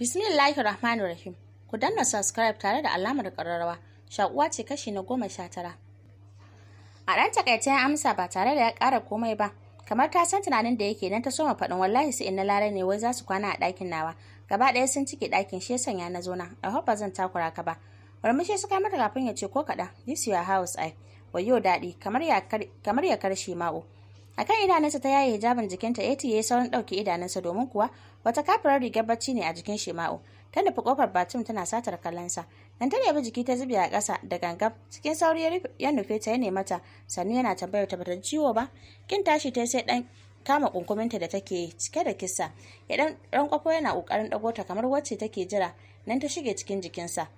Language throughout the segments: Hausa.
bismillahi Rahmanir Rahim. Ku danna subscribe tare da alamar ƙararrawa. Shakuwa ce kashi na goma sha tara. A ɗan takaita ya amsa ba tare da ya ƙara komai ba, kamar ta san tunanin da yake nan ta soma faɗin wallahi sai na lare ne wai za su kwana a ɗakin nawa. Gaba ɗaya sun cike ɗakin shi ya sanya na zo na. I hope ba zan takura ka ba. Murmushi suka mata kafin ya ce ko kaɗan. This your house ai. Wayo daɗi kamar ya karshe ma'o. a kan idanunsa ta yaye hijabin jikinta eti ya yi saurin ɗauke idanunsa domin kuwa wata kafirar rigar bacci ne a jikin shema'u ta nufi kofar batun tana satar kallonsa dan ta nemi jiki ta zube a kasa da gangam cikin sauri ya nufe ta ya nema ta sannu yana tambayar ta bata ciwo ba kin tashi ta sai dan kama kunkuminta da take cike da kisa ya ɗan kwafo yana kokarin dago ta kamar wacce take jira nan ta shige cikin jikinsa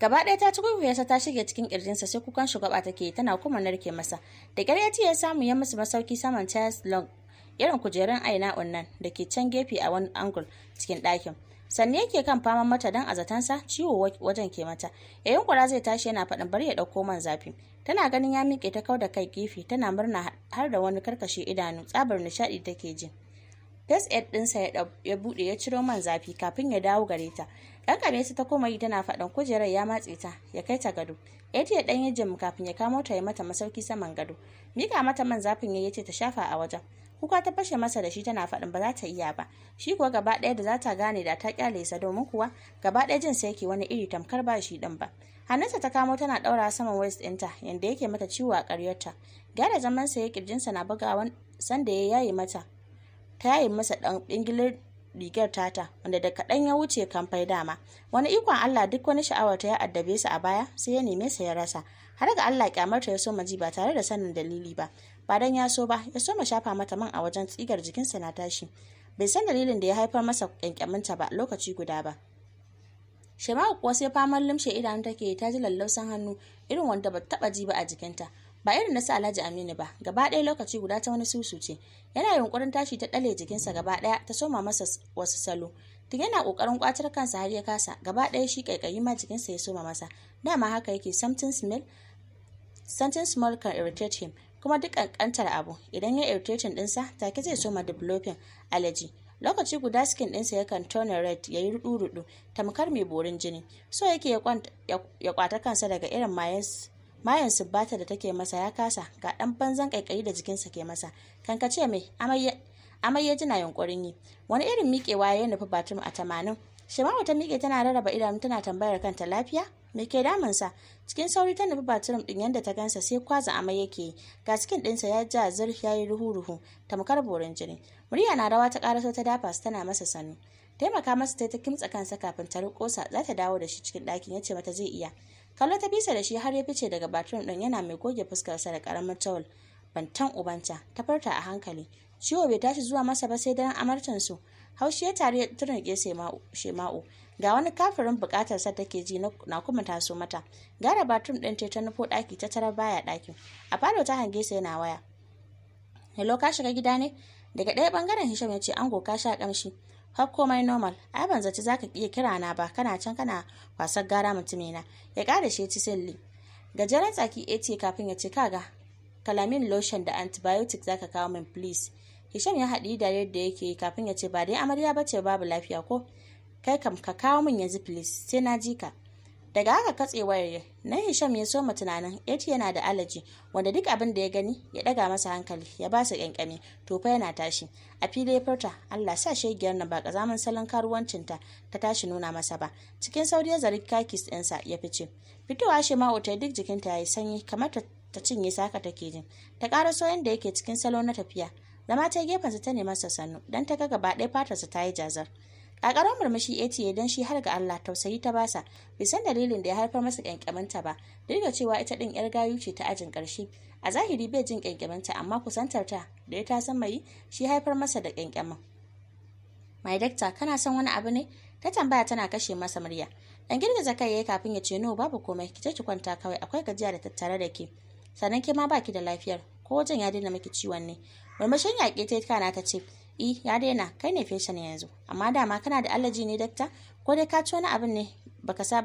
gaba ɗaya ta ci sa ta shige cikin kirjinsa sai kukan shugaba take tana kuma narke masa da ƙyar ya samu ya musu masauki saman Charles Long irin kujerun aina unnan da ke can gefe a wani angul cikin ɗakin sanne yake kan faman mata don azatansa ciwo wajen ke mata yayin kura zai tashi yana faɗin bari ya ɗauko man zafi tana ganin ya miƙe ta kau da kai gefe tana murna har da wani karkashe idanu tsabar nishaɗi take ji. test ed ɗinsa ya buɗe ya ciro man zafi kafin ya dawo gare ta ɗan ta koma yi tana faɗan kujerar ya matse ta ya kai ta gado ed ya ɗan yi kafin ya kamo ta ya mata masauki saman gado mika mata man zafin ya ce ta shafa a wajen kuka ta fashe masa da shi tana faɗin ba za ta iya ba shi kuwa gaba ɗaya da za ta gane da ta kyale sa domin kuwa gaba ɗaya jin sai ke wani iri tamkar ba shi ɗin ba hannunsa ta kamo tana ɗaura saman waist ɗinta yanda yake mata ciwo a ƙaryarta gyara zaman sa ya kirjinsa na bugawan sanda ya yaye mata ta yi masa ɗan ɓingilar rigar tata wanda da kaɗan ya wuce kamfai dama wani ikon Allah duk wani sha'awar ta ya addabe su a baya sai ya neme sa ya rasa har ga Allah kyamarta ya so ji ba tare da sanin dalili ba ba dan ya so ba ya soma shafa mata man a wajen tsigar jikinsa na tashi bai san dalilin da ya haifar masa ta ba lokaci guda ba Shema kuwa sai faman limshe idan take ta ji lallausan hannu irin wanda ba taɓa ji ba a jikinta ba irin na sa Alhaji Aminu ba gaba ɗaya lokaci guda ta wani susu ce yana yunkurin tashi ta ɗale jikinsa gaba ɗaya ta soma masa wasu salo tun yana ƙoƙarin ƙwatar kansa har ya kasa gaba ɗaya shi ƙaiƙayi ma jikinsa ya soma masa dama haka yake something smell small can irritate him kuma duk ƙanƙantar abu idan ya irritating ɗinsa take zai soma developing allergy lokaci guda skin ɗinsa yakan tona red ya yi rudu-rudu tamkar mai borin jini so yake ya kwata kansa daga irin mayan mayan subbata da take masa ya kasa ga ɗan banzan kaikayi da jikinsa ke masa kankace mai amai ya jina yunkurin yi wani irin miƙewa ya nufi batun a tamanin shema'u ta miƙe tana rarraba idanu tana tambayar kanta lafiya me ke damunsa cikin sauri ta nufi batun ɗin yadda ta gansa sai kwaza amai yake yi ga cikin ɗinsa ya ja zir ya yi ruhu-ruhu tamkar borin jini murya na rawa ta karas'o ta dafa tana masa sanu taimaka masa ta kimtsa kansa kafin ta riƙo sa za ta dawo da shi cikin ɗakin ya ce mata zai iya kallo ta bisa da shi har ya fice daga bathroom din yana mai goge fuskar sa da karamar towel bantan ubanta ta farta a hankali ciwo bai tashi zuwa masa ba sai dan amartan su haushi ya tare turnike shema'u ga wani kafirin sa take ji na kuma taso mata gara bathroom din ta nufo daki ta tara baya dakin a falo ta hange sa yana waya hello ka shiga gida ne daga ɗaya bangaren hisham ya ce ango ka sha kamshi har komai normal ai ban zaci zaka iya kira na ba kana can kana wasan gara mutumina ya ƙara shi ci silli gajeren tsaki ya ce kafin ya ce kaga kalamin lotion da antibiotic zaka kawo min please Hisham ya haɗi da yadda yake kafin ya ce ba dai amarya bace babu lafiya ko kai kam ka kawo min yanzu please sai na ji ka daga haka katse wayar na hisham ya soma tunanin ya yana da alaji wanda duk abin da ya gani ya daga masa hankali ya ba su kyankyami to fa yana tashi a fili ya furta allah sa shaigiyar nan ba kazamin salon karuwancinta ta tashi nuna masa ba cikin sauri ya zari kakis ɗinsa ya fice fitowa shi ma otai duk jikinta ya yi sanyi kamar ta cinye saka take jin ta ƙara so yadda yake cikin salo na tafiya zama ta gefensa ta nemi sa sannu don ta ga gaba ɗaya fatarsa ta yi jazar ƙaƙarar murmushi ya ce don shi har ga Allah tausayi ta basa bai san dalilin da ya haifar masa ƙyanƙyaminta ba duk da cewa ita ɗin 'yar gayu ce ta ajin ƙarshe a zahiri bai jin kyankyamanta amma kusantar ta da ya ta san mai shi haifar masa da ƙyanƙyamin mai dakta kana son wani abu ne ta tambaya tana kashe masa murya dan girgiza kai yayi kafin ya ce no babu komai ki ki kwanta kawai akwai gajiya da tattare da ke sannan ke ma baki da lafiyar ko wajen ya daina miki ciwon ne murmushin yaƙe ta kana ta ce e ya daina kai ne fesha ne yanzu amma dama kana da alaji ne dakta ko dai ka ci wani abin ne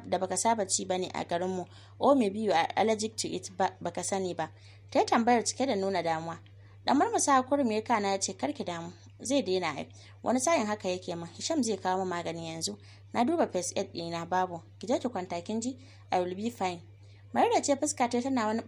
da baka saba ci ba ne a garinmu o oh, me biyu a allergic to it baka sani ba ta yi tambayar cike da nuna damuwa dan sa kurmi kana ya ce karki damu zai daina ai wani sa'in haka yake ma hisham zai kawo min magani yanzu na duba first aid ɗina babu ki je ki kwanta kin ji i will be fine Marina ce fuska ta tana wani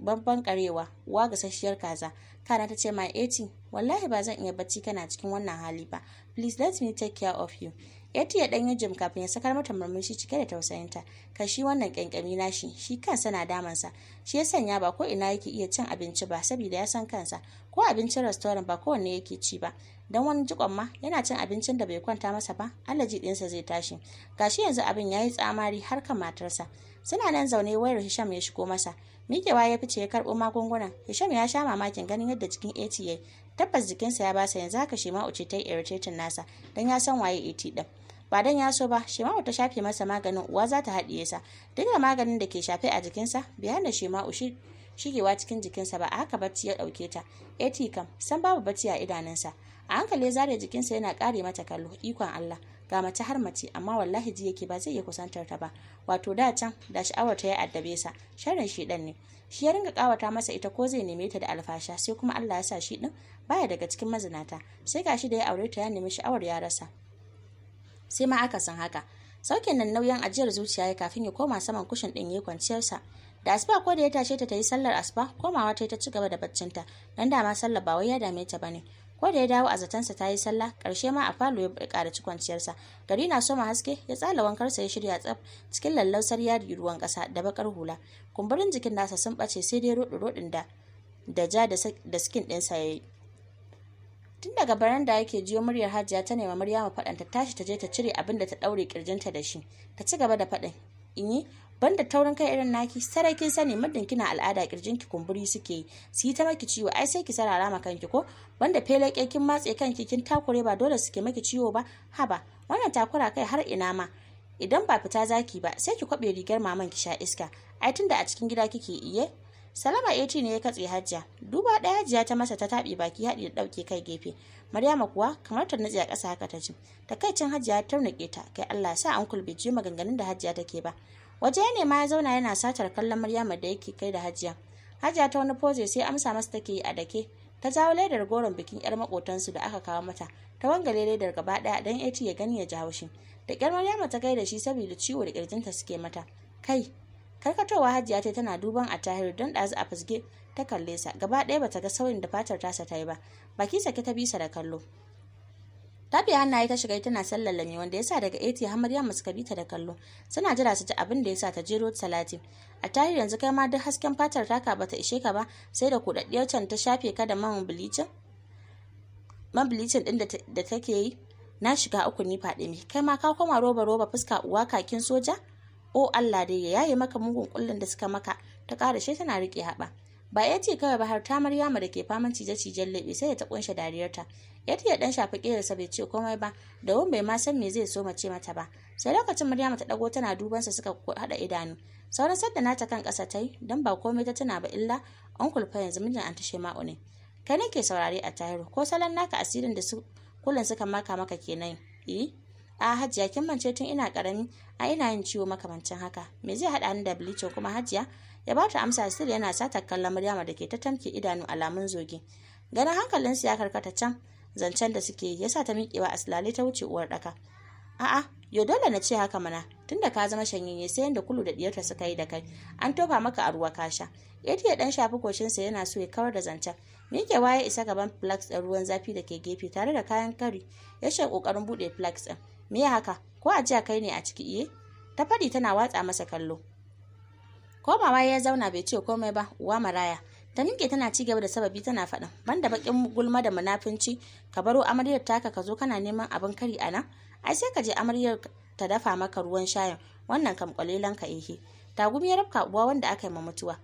babban karewa, wa gasasshiyar kaza. Kana ta ce ma Eti, eh wallahi ba zan iya bacci kana cikin wannan hali ba. Please let me take care of you. Eti ya danyi jim kafin ya sakar mata murmushi cike da tausayinta. Ka shi wannan kyankyami nashi, shi kansa na damansa. Shi ya sanya ba ko ina yake iya cin abinci ba saboda ya san kansa. Ko abincin restaurant ba kowanne yake ci ba. Dan wani jikon ma yana cin abincin da bai kwanta masa ba, alaji ɗinsa zai tashi. Gashi yanzu abin ya yi tsamari har kan matarsa. suna nan zaune wayar Hisham ya shigo masa mikewa ya fice ya karɓo magungunan Hisham ya sha mamakin ganin yadda jikin AT ya tabbas jikinsa ya basa yanzu haka Shema'u ce ta yi irritating nasa dan ya san waye AT e din ba dan ya so ba Shema'u ta shafe masa maganin uwa za ta haɗiye sa duk da maganin da ke shafe a jikinsa bayan da Shema'u shi shigewa cikin jikinsa ba a haka bacci ya dauke ta AT kam san babu bacci a idanunsa a hankali zare jikinsa yana kare mata kallo ikon Allah ga mace har mace amma wallahi ji yake ba zai iya kusantar ta ba wato da can da sha'awar ta ya addabe sa sharrin shi dan ne shi ya ringa kawata masa ita ko zai neme ta da alfasha sai kuma Allah ya sa shi din baya daga cikin mazinata sai gashi da ya aure ta ya nemi sha'awar ya rasa sai ma aka san haka saukin nan nauyin ajiyar zuciya ya kafin ya koma saman kushin din ya sa. da asuba ko da ya tashe ta ta yi sallar asuba komawa ta yi ta ci gaba da baccinta dan dama sallar ba wai ya dame ta bane ko da ya dawo a zatansa ta yi sallah ƙarshe ma a falo ya ƙara ci kwanciyarsa gari na soma haske ya tsala wankarsa ya shirya tsaf cikin lallausar yadi ruwan ƙasa da bakar hula kumburin jikin nasa sun ɓace sai dai roɗin roɗin da da ja da skin ɗinsa ya yi tun daga baranda yake jiyo muryar hajiya ta nema maryama faɗan ta tashi ta je ta cire abin da ta ɗaure ƙirjinta da shi ta ci gaba da faɗin in yi banda taurin kai irin naki sarai kin sani muddin kina al'ada kirjin kumburi suke su yi ta maki ciwo ai sai ki sarara ma kanki ko banda feleke kin matse kanki kin takure ba dole suke maki ciwo ba haba wannan takura kai har ina ma idan ba fita zaki ba sai ki kwabe rigar maman ki sha iska ai tunda a cikin gida kike iye Salama AT ne ya katse Hajiya. Duba ɗaya Hajiya ta masa ta taɓe baki haɗi da ɗauke kai gefe. Maryama kuwa kamar ta nutse a ƙasa haka ta ji. Takaicin Hajiya ta tarnake ta, kai Allah sa an kulbe jiya maganganun da Hajiya take ba. waje ne ma ya zauna yana satar kallon Maryama da yake kai da Hajiya Hajiya ta wani pose sai amsa masa take yi a dake ta jawo ledar goron bikin yar makotansu da aka kawo mata ta wangale ledar gaba daya dan ya ya gani ya jawo shi da kyar Maryama ta gaida shi saboda ciwo da kirjinta suke mata kai karkatowa Hajiya ta tana duban a Tahiru, don ɗazu a fasge ta kalle sa gaba ɗaya bata ga sauyin da fatar tasa ta yi ba baki sake ta bisa da kallo tafi hannaye ta shiga tana lami wanda yasa daga eti hamar yamma suka bi ta da kallo suna jira su ji abin da yasa ta jero talatin a tarihi yanzu kai ma duk hasken fatar taka bata ishe ka ba sai da kudaddiyar can ta shafe ka da man bilicin man din da take yi na shiga uku ni faɗi mi kai ma ka koma roba roba fuska uwa kakin soja o Allah dai ya yaye maka mugun kullun da suka maka ta ƙarashe tana rike haɓa ba ya ce kawai ba har ta maryama da ke faman cije-cijen leɓe sai da ta kunshe dariyarta ya ya dan shafi sa bai ce komai ba da wani bai ma san me zai so mace mata ba sai lokacin maryama ta ɗago tana dubansa suka haɗa idanu sauran sadda nata kan kasa ta yi don ba komai ta tana ba illa uncle fa yanzu mijin an tashe ma'u ne kai nake saurare a Tahiro. ko salon naka asirin da su kullum suka maka maka kenan eh a hajiya kin mance tun ina karami a ina yin ciwo makamancin haka me zai haɗa ni da bleaching kuma hajiya ya ba ta amsa sir yana sata kallon Maryama da ke ta tamke idanu alamun zogi. Ganin hankalinsu ya karkata can zancen da suke ya sa ta miƙewa a silale ta wuce uwar ɗaka. A'a, yo dole na ce haka mana, tunda ka zama shanyayye sai yadda kulu da diyarta suka yi da kai, an tofa maka a ruwa kasha. Yadda ya ɗan shafi koshinsa yana so ya kawar da zancen. Miƙewa ya isa gaban flax ɗin ruwan zafi da ke gefe tare da kayan kari, ya shiga ƙoƙarin buɗe flax ɗin. Me haka? Ko a kai ne a ciki iye? Eh? Ta faɗi tana watsa masa kallo. komawa ya zauna bai ce komai ba uwa maraya ta ninke tana ci gaba da sababi tana faɗin banda bakin gulma da munafunci ka baro amaryar taka ka zo kana neman abin kari a nan ai sai ka je amaryar ta dafa maka ruwan shayin wannan kam kwalelan ka ehe tagumi ya rabka uwa wanda aka yi ma mutuwa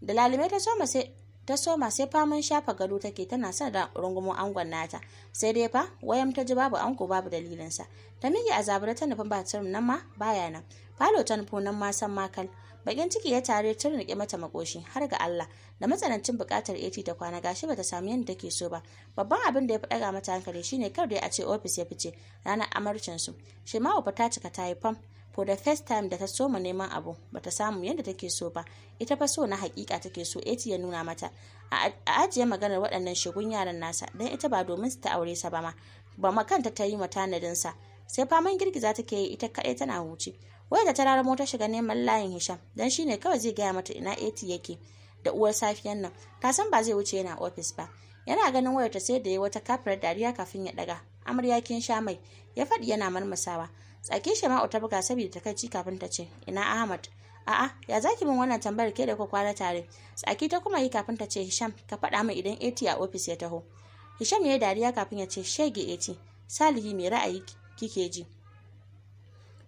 da lalime ta soma sai ta soma sai faman shafa gado take tana sa da rungumo angon nata sai dai fa wayam ta ji babu anko babu dalilinsa ta miƙe a ta nufin ba nan ma baya nan falo ta nufo nan ma san makal bakin ciki ya tare tun rike mata makoshi har ga Allah da matsanancin bukatar A.T ta kwana gashi bata samu yanda take so ba babban abin da ya fi ga mata hankali shine kar dai a ce ofis ya fice ranar amarcin su ma fa ta cika ta yi fam ko da first time da ta so soma neman abu bata samu yadda take so ba ita fa so na hakika take so eti eh, ya nuna mata a ajiye maganar waɗannan shigun yaran nasa don ita ba domin su ta aure sa ba ma ba ma kanta ta yi tanadinsa sai faman girgiza take yi ita kaɗai tana huce wai da ta raramo ta shiga neman layin hisham don shi ne kawai zai gaya mata ina eti eh, yake da uwar safiyan nan ta san ba zai wuce yana ofis ba yana ganin wayar ta sai da ya wata kafirar dariya kafin ya daga amarya kin sha mai ya faɗi yana marmasawa tsake shama'u ta buga saboda kai kafin ta ce ina ahmad a'a ya zaki min wannan tambayar ke da ku kwana tare tsaki ta kuma yi kafin ta ce hisham ka faɗa min idan eti a ofis ya taho hisham ya yi dariya kafin ya ce shege eti salihi mai ra'ayi kike ji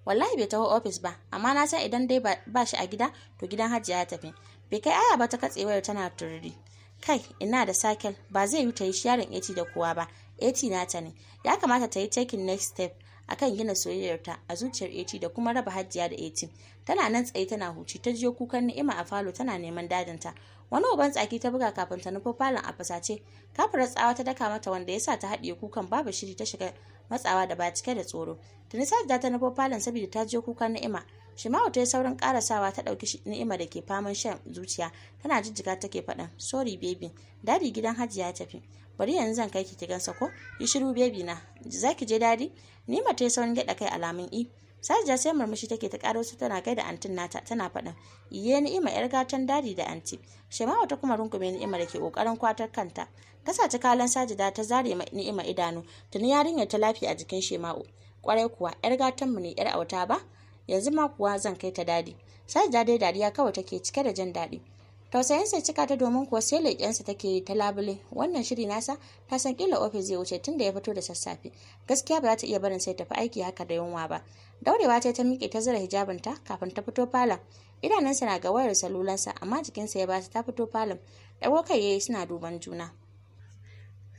wallahi bai taho ofis ba amma na san idan dai ba shi a gida to gidan hajiya ya tafi bai kai aya ba ta katse katsewar tana tururi kai ina da sakel ba zai yi ta yi sharin eti da kowa ba eti ta ne ya kamata ta yi taking next step akan gina soyayyarta a zuciyar eti da kuma raba hajjiya da eti tana nan tsaye tana huci ta jiyo kukan ni'ima a falo tana neman dadinta wani uban tsaki ta buga kafin ta nufo falon a fasace Kafin tsawa ta daka mata wanda ya sa ta haɗiye kukan babu shiri ta shiga matsawa da ba cike da tsoro tuni da ta nufo falon saboda ta jiyo kukan ni'ima Shima'u ta yi saurin karasawa ta ɗauki ni'ima da ke faman shan zuciya tana jijjiga take faɗan. sorry baby dadi gidan hajiya ya tafi bari yanzu zan kai ki ki gansa ko yi shiru bebi na za ki je dadi ni ma yi saurin gyada kai alamun i Sajiya sai murmushi take ta karo su tana kai da antin nata tana faɗin iye ni'ima yar gatan dadi da anti shema ta kuma rungume ni'ima da ke kokarin kwatar kanta ta kasace kalan sajida ta zare ni'ima idanu tuni yarinyar ta lafiya a jikin shema'u kwarai kuwa yar gatan mu ne yar auta ba yanzu ma kuwa zan kai ta dadi sajida dai dariya kawai take cike da jin dadi. tausayinsa cika ta domin kuwa sai leƙensa take yi ta labule wannan shiri nasa ta san kila ofis zai wuce tun da ya fito da sassafe gaskiya ba za ta iya barin sai ta fi aiki haka da yunwa ba daurewa ta ta miƙe ta zura hijabinta kafin ta fito falon idanunsa na ga wayar salulansa amma jikinsa ya ba ta fito falon ɗago kai yayi suna duban juna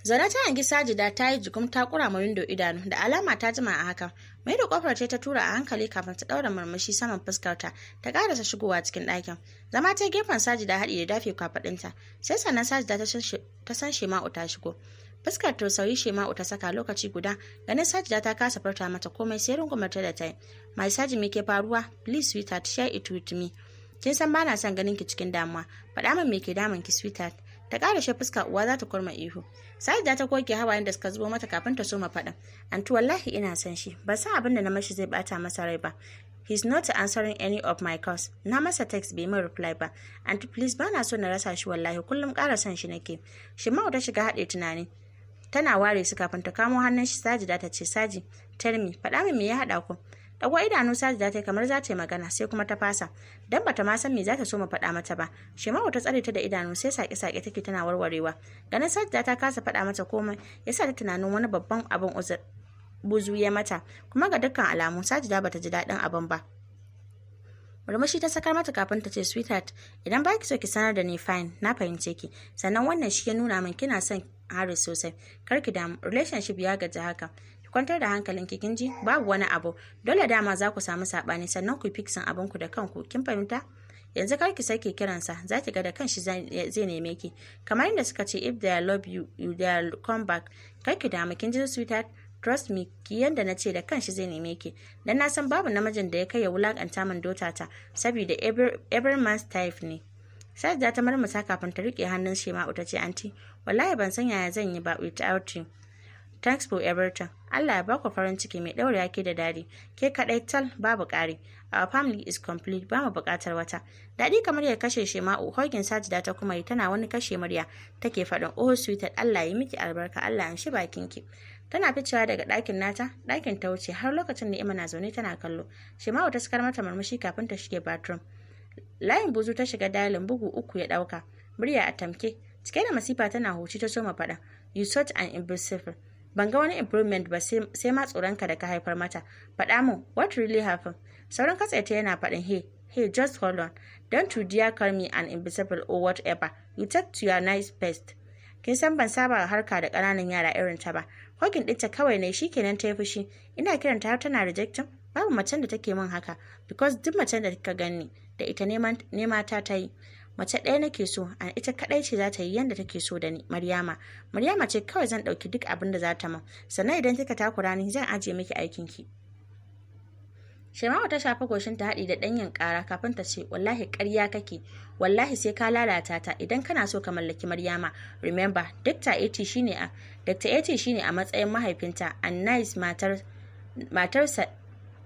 zana ta hangi sajida ta yi jikum ta kura ma windo idanu da alama ta jima a hakan mai da kofar ce ta tura a hankali kafin ta daura murmushi saman fuskarta ta karasa shigowa cikin ɗakin zama ta gefen saji da haɗi da dafe kwafaɗinta sai sannan saji da ta san shema'u ta shigo fuskar tausayi shema'u ta saka lokaci guda ganin da ta kasa farta mata komai sai ta da ta yi mai saji me ke faruwa please sweetheart share it with me kin san bana son ganin ki cikin damuwa faɗa min me ke damun ki sweetheart ta shi fuska uwa za ta kurma ihu da ta koke hawayen da suka zubo mata kafin ta soma an anti wallahi ina san shi ba san abin da na mashi zai bata masa rai ba he's not answering any of my calls na masa text bai min reply ba anti please ba na so na rasa shi wallahi kullum ƙara son shi nake shimau ta shiga haɗe tunani tana ware su kafin ta kamo hannun shi da ta ce saji tell me faɗa min me ya haɗa ku Dago idanu Sajida ta kamar za ta yi magana sai kuma ta fasa. Dan bata ma san me za ta so mu faɗa mata ba. Shema'u wata tsare ta da idanu sai sake-sake take tana warwarewa. Ganin Sajida ta kasa faɗa mata komai yasa ta tunanin wani babban abin uzur buzu ya mata kuma ga dukkan alamu Sajida bata ji daɗin abun ba. murmushi ta sakar mata kafin ta ce sweetheart idan baki so ki sanar da ni fine na fahimce ki sannan wannan shi ya nuna min kina son Harris sosai kar ki damu relationship ya gaji haka kwantar da hankalin ki kinji babu wani abu dole dama za ku samu sabani sannan ku fiksin abin ku da kanku kin fahimta yanzu kar ki sake kiransa za ki ga da kanshi zai neme ki kamar inda suka ce if they love you you they come back kar ki damu kin ji sweetheart trust me ki yanda na ce da kanshi zai neme ki dan na san babu namijin da ya kai ya wulakanta min dotata saboda every man's type ne Sajda ta marmusa kafin ta rike hannun shema uta ce anti wallahi ban san yaya zan yi ba without you Thanks for everything. Allah ya baku farin ciki mai ɗaure ke da dadi. Ke kaɗai tal babu ƙari. Our family is complete ba mu buƙatar wata. Daɗi kamar ya kashe Shema'u, Hogin da ta kuma yi tana wani kashe murya. Take faɗin oh sweetheart Allah ya miki albarka Allah ya shi bakin ki. Tana ficewa daga ɗakin nata, ɗakin ta wuce har lokacin da Ima na zaune tana kallo. Shema'u ta sakar mata murmushi kafin ta shige bathroom. Layin buzu ta shiga dalin bugu uku ya ɗauka. Murya a tamke. Cike da masifa tana huci ta soma faɗa. You such an imbecile. ban ga wani improvement ba sai ma tsoronka da ka haifar mata faɗa mu what really happened sauran katsaita yana faɗin hey hey just hold on don't you dare call me an invisible or whatever you take to your nice best kin san ban saba harka da ƙananan yara irin ta ba hokin ɗinta kawai ne shikenan ta yi fushi ina kiranta har tana rejectin babu macen da take min haka because duk macen da kika gani da ita nema ta ta yi mace ɗaya nake so a ita kaɗai ce za ta yi yadda take so da ni maryama maryama ce kawai zan ɗauki duk abin da za ta min sannan idan kika takura ni zan ajiye miki aikin ki shemawa ta shafa goshin ta haɗi da ɗanyen ƙara kafin ta ce wallahi ƙarya kake wallahi sai ka lalata ta idan kana so ka mallaki Maryama remember Dr. Eti shine a Dr. Eti shine a matsayin mahaifinta and nice matar matarsa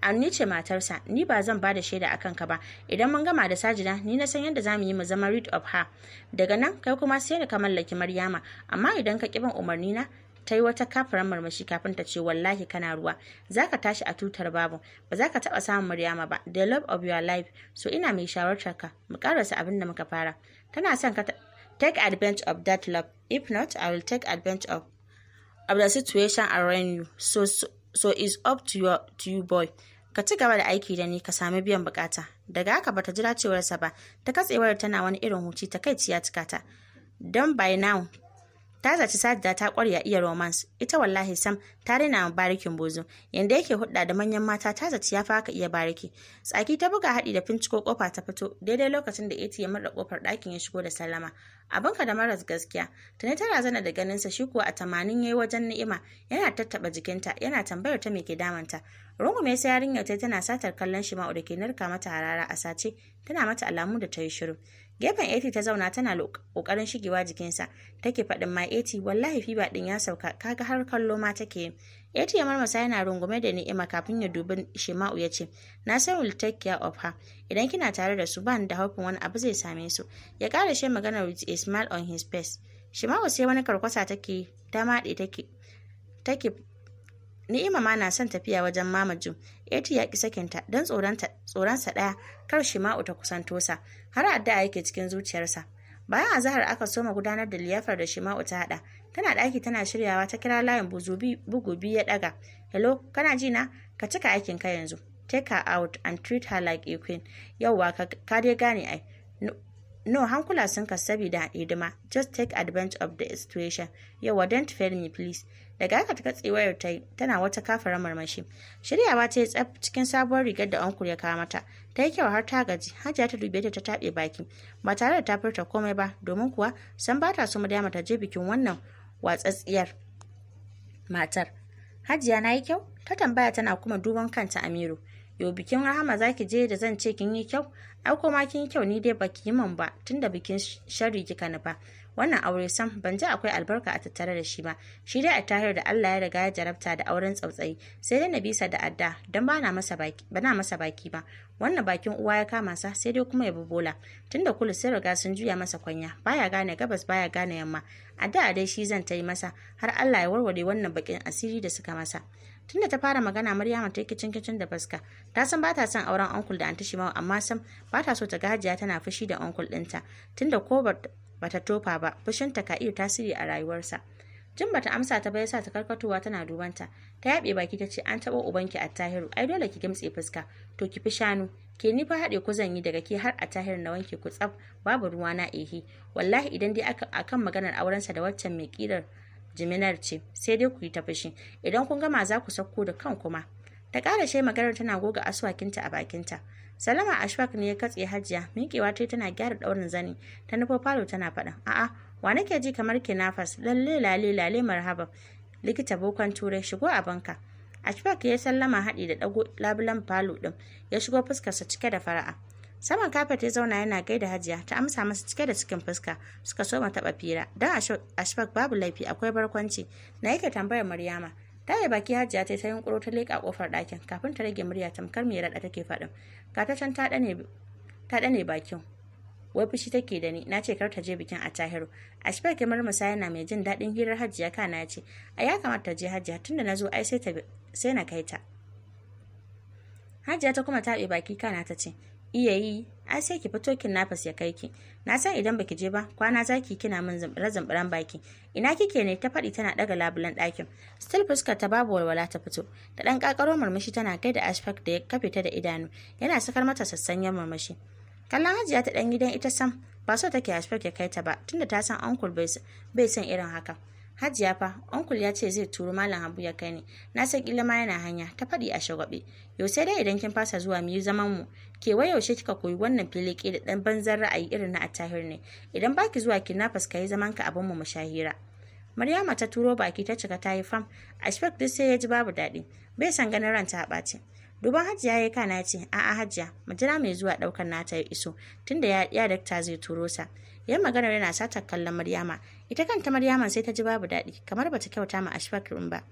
anni ce matarsa ni ba zan ba da shaida a kanka ba idan mun gama da sajida ni na san yadda za mu yi mu zama rid of her daga nan kai kuma sai ka mallaki maryama amma idan ka kiban umarni na ta yi wata kafaran marmashi kafin ta ce wallahi kana ruwa za ka tashi a tutar babu ba za ka taɓa samun maryama ba the love of your life so ina mai shawartar ka mu karasa abin da muka fara tana son ka take advantage of that love if not i will take advantage of of the situation around you so so, so it's up to your to you boy ka ci gaba da aiki da ni ka sami biyan bukata daga haka bata jira cewar sa ba ta katsewar tana wani irin huci ta kai ciya cikata don by now ta zaci sajida ta kwarya iya romance ita wallahi sam ta rena barikin bozo yanda yake hudda da manyan mata ta zaci ya ka iya bariki tsaki ta buga haɗi da finciko kofa ta fito daidai lokacin da ya murda kofar dakin ya shigo da sallama abinka da maras gaskiya tana ta razana da ganin sa shi kuwa a tamanin yayi wajen ni'ima yana tattaba jikinta yana tambayar ta me ke damanta Rungume sai yarinyar ta tana satar kallon Shima'u da ke narka mata harara a sace, tana mata alamu da ta yi shiru. Gefen Eti ta zauna tana kokarin shigewa jikinsa, take faɗin ma Eti wallahi ba ɗin ya sauka kaga har kallo ma take yi. Eti ya marmasa yana rungume da ni'ima kafin ya dubi Shima'u ya ce, Na san will take care of her, idan kina tare da su bani da haufin wani abu zai same su. Ya ƙara shi magana with a smile on his face. Shima'u sai wani karkwasa take, ta maɗe take, take Ni'ima ma na son tafiya wajen Mama Jum. Eti ya ki sakinta don tsoronsa ɗaya kar Shima'u ta kusanto sa. Har addu'a yake cikin zuciyarsa. Bayan a zahar aka soma gudanar da liyafar da Shima'u ta haɗa. Tana ɗaki tana shiryawa ta kira layin bugu biyu ya ɗaga. Hello, kana ji na? Ka cika aikin ka yanzu. Take her out and treat her like a queen. Yawwa ka dai gane ai. No, hankula sun ka sabida hidima. Just take advantage of the situation. Yawwa don't fail me please. daga haka ta katse wayar ta yi, tana wata kafara marmashi shiryawa ta yi tsaf cikin sabuwar rigar da onkul ya kawo mata ta yi kyau har ta gaji hajiya ta dube ta ta taɓe baki ba tare da ta furta komai ba domin kuwa san ba ta so mu dama ta je bikin wannan watsatsiyar matar hajiya na yi kyau ta tambaya tana kuma duban kanta amiru Yo bikin Rahama zaki je da zan ce kin yi kyau? Ai kuma kin yi kyau ni dai baki yi man ba tunda bikin shari kika nufa. Wannan aure sam ban ji akwai albarka a tattare da shi ba. Shi dai a tahir da Allah ya riga ya jarabta da auren tsautsayi. Sai dai Nabisa da Adda dan bana masa baki masa baki ba. Wannan bakin uwa ya kama sa sai dai kuma ya bi bola. Tunda kulu sai riga sun juya masa kwanya. Baya gane gabas baya gane yamma. Adda dai shi zan ta yi masa har Allah ya warware wannan bakin asiri da suka masa. tunda ta fara magana Maryama ta kicin kicin da fuska ta san ba ta son auren uncle da anti Shimawa amma san ba ta so ta ga Hajiya tana fushi da uncle ɗinta tunda ko ba ta tofa ba fushinta ka iya tasiri a rayuwarsa Jin bata amsa ta ba yasa ta karkatowa tana dubanta. Ta yabe baki ta ce an taɓa ubanki a Tahiru, ai dole ki gimtse fuska, to ki fi shanu. Ke ni fa haɗe ku yi daga ke har a Tahiru na wanke ku tsaf, babu ruwa na ehe Wallahi idan dai akan maganar aurensa da waccan mai ƙirar jiminar ce sai dai ku yi ta fushi idan kun gama za ku sauko da kan kuma ta ƙara shai maganar tana goga aswakinta a bakinta salama ashwak ne ya katse hajiya miƙewa ta tana gyara ɗaurin zani ta nufo falo tana faɗa a'a wa nake ji kamar kinafas lalle lale lale marhaba likita bokan turai shigo a banka ashwak ya sallama haɗi da ɗago labulan falo ɗin ya shigo fuskarsa cike da fara'a saman kafet ya zauna yana gaida hajiya ta amsa masa cike da cikin fuska suka soma taba fira don ashfak babu laifi akwai barkwanci na yake tambayar maryama ta yi baki hajiya ta ta yunkuro ta leƙa kofar ɗakin kafin ta rage murya tamkar mai raɗa take faɗin ga ta can ta ɗane bakin wai fushi take da ni na ce kar ta je bikin a tahiru ashfak ya murmusa yana mai jin daɗin hirar hajiya kana ya ce a ya kamata ta je hajiya tunda na zo ai sai na kai ta hajiya ta kuma taɓe baki kana ta ce iya yi ai sai ki fito nafas ya kai ki na san idan baki je ba kwana zaki kina min zambaran baki ina kike ne ta faɗi tana daga labulan ɗakin still fuskar ta babu walwala ta fito ta ɗan ƙaƙaro murmushi tana kai da ashfaq da ya kafe ta da idanu yana sakar mata sassanyen murmushi kallon hajiya ta ɗan gidan ita sam ba so take ashfaq ya kai ta ba tunda ta san uncle bai san irin haka Hajiya fa, onkul ya ce zai turo Malam Habu ya kai ni. Na san kila ma yana hanya, ta faɗi a shagwabe. Yau sai dai idan kin fasa zuwa mu yi zaman mu. Ke wai yaushe kika koyi wannan ke da dan banzan ra'ayi irin na atahir ne. Idan baki zuwa ki na faska yi zaman ka abin mu mashahira. Maryama ta turo baki ta cika ta yi fam. Ashfaq duk sai ya ji babu daɗi. Bai san ganin ranta a ɓaci. Duban Hajiya ya yi kana ce, "A'a Hajiya, mu mai zuwa ɗaukar nata ya iso, tunda ya dakta zai turo sa." yan magana yana sata kallon Maryama ita kanta maryama sai ta ji babu daɗi kamar bata kyauta ma Ashfaq ba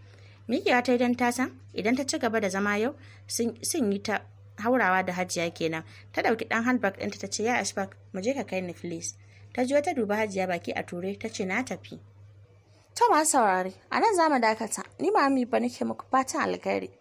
Mikiya ta idan ta san idan ta ci gaba da zama yau sun yi ta haurawa da hajiya kenan ta ɗauki ɗan handbag ɗinta ta ce ya Ashfaq mu je ka kai ni ta ji wata duba hajiya baki a ture ta ce na tafi to saurari a nan za mu dakata ni ma mi ba nake muku fatan alkhairi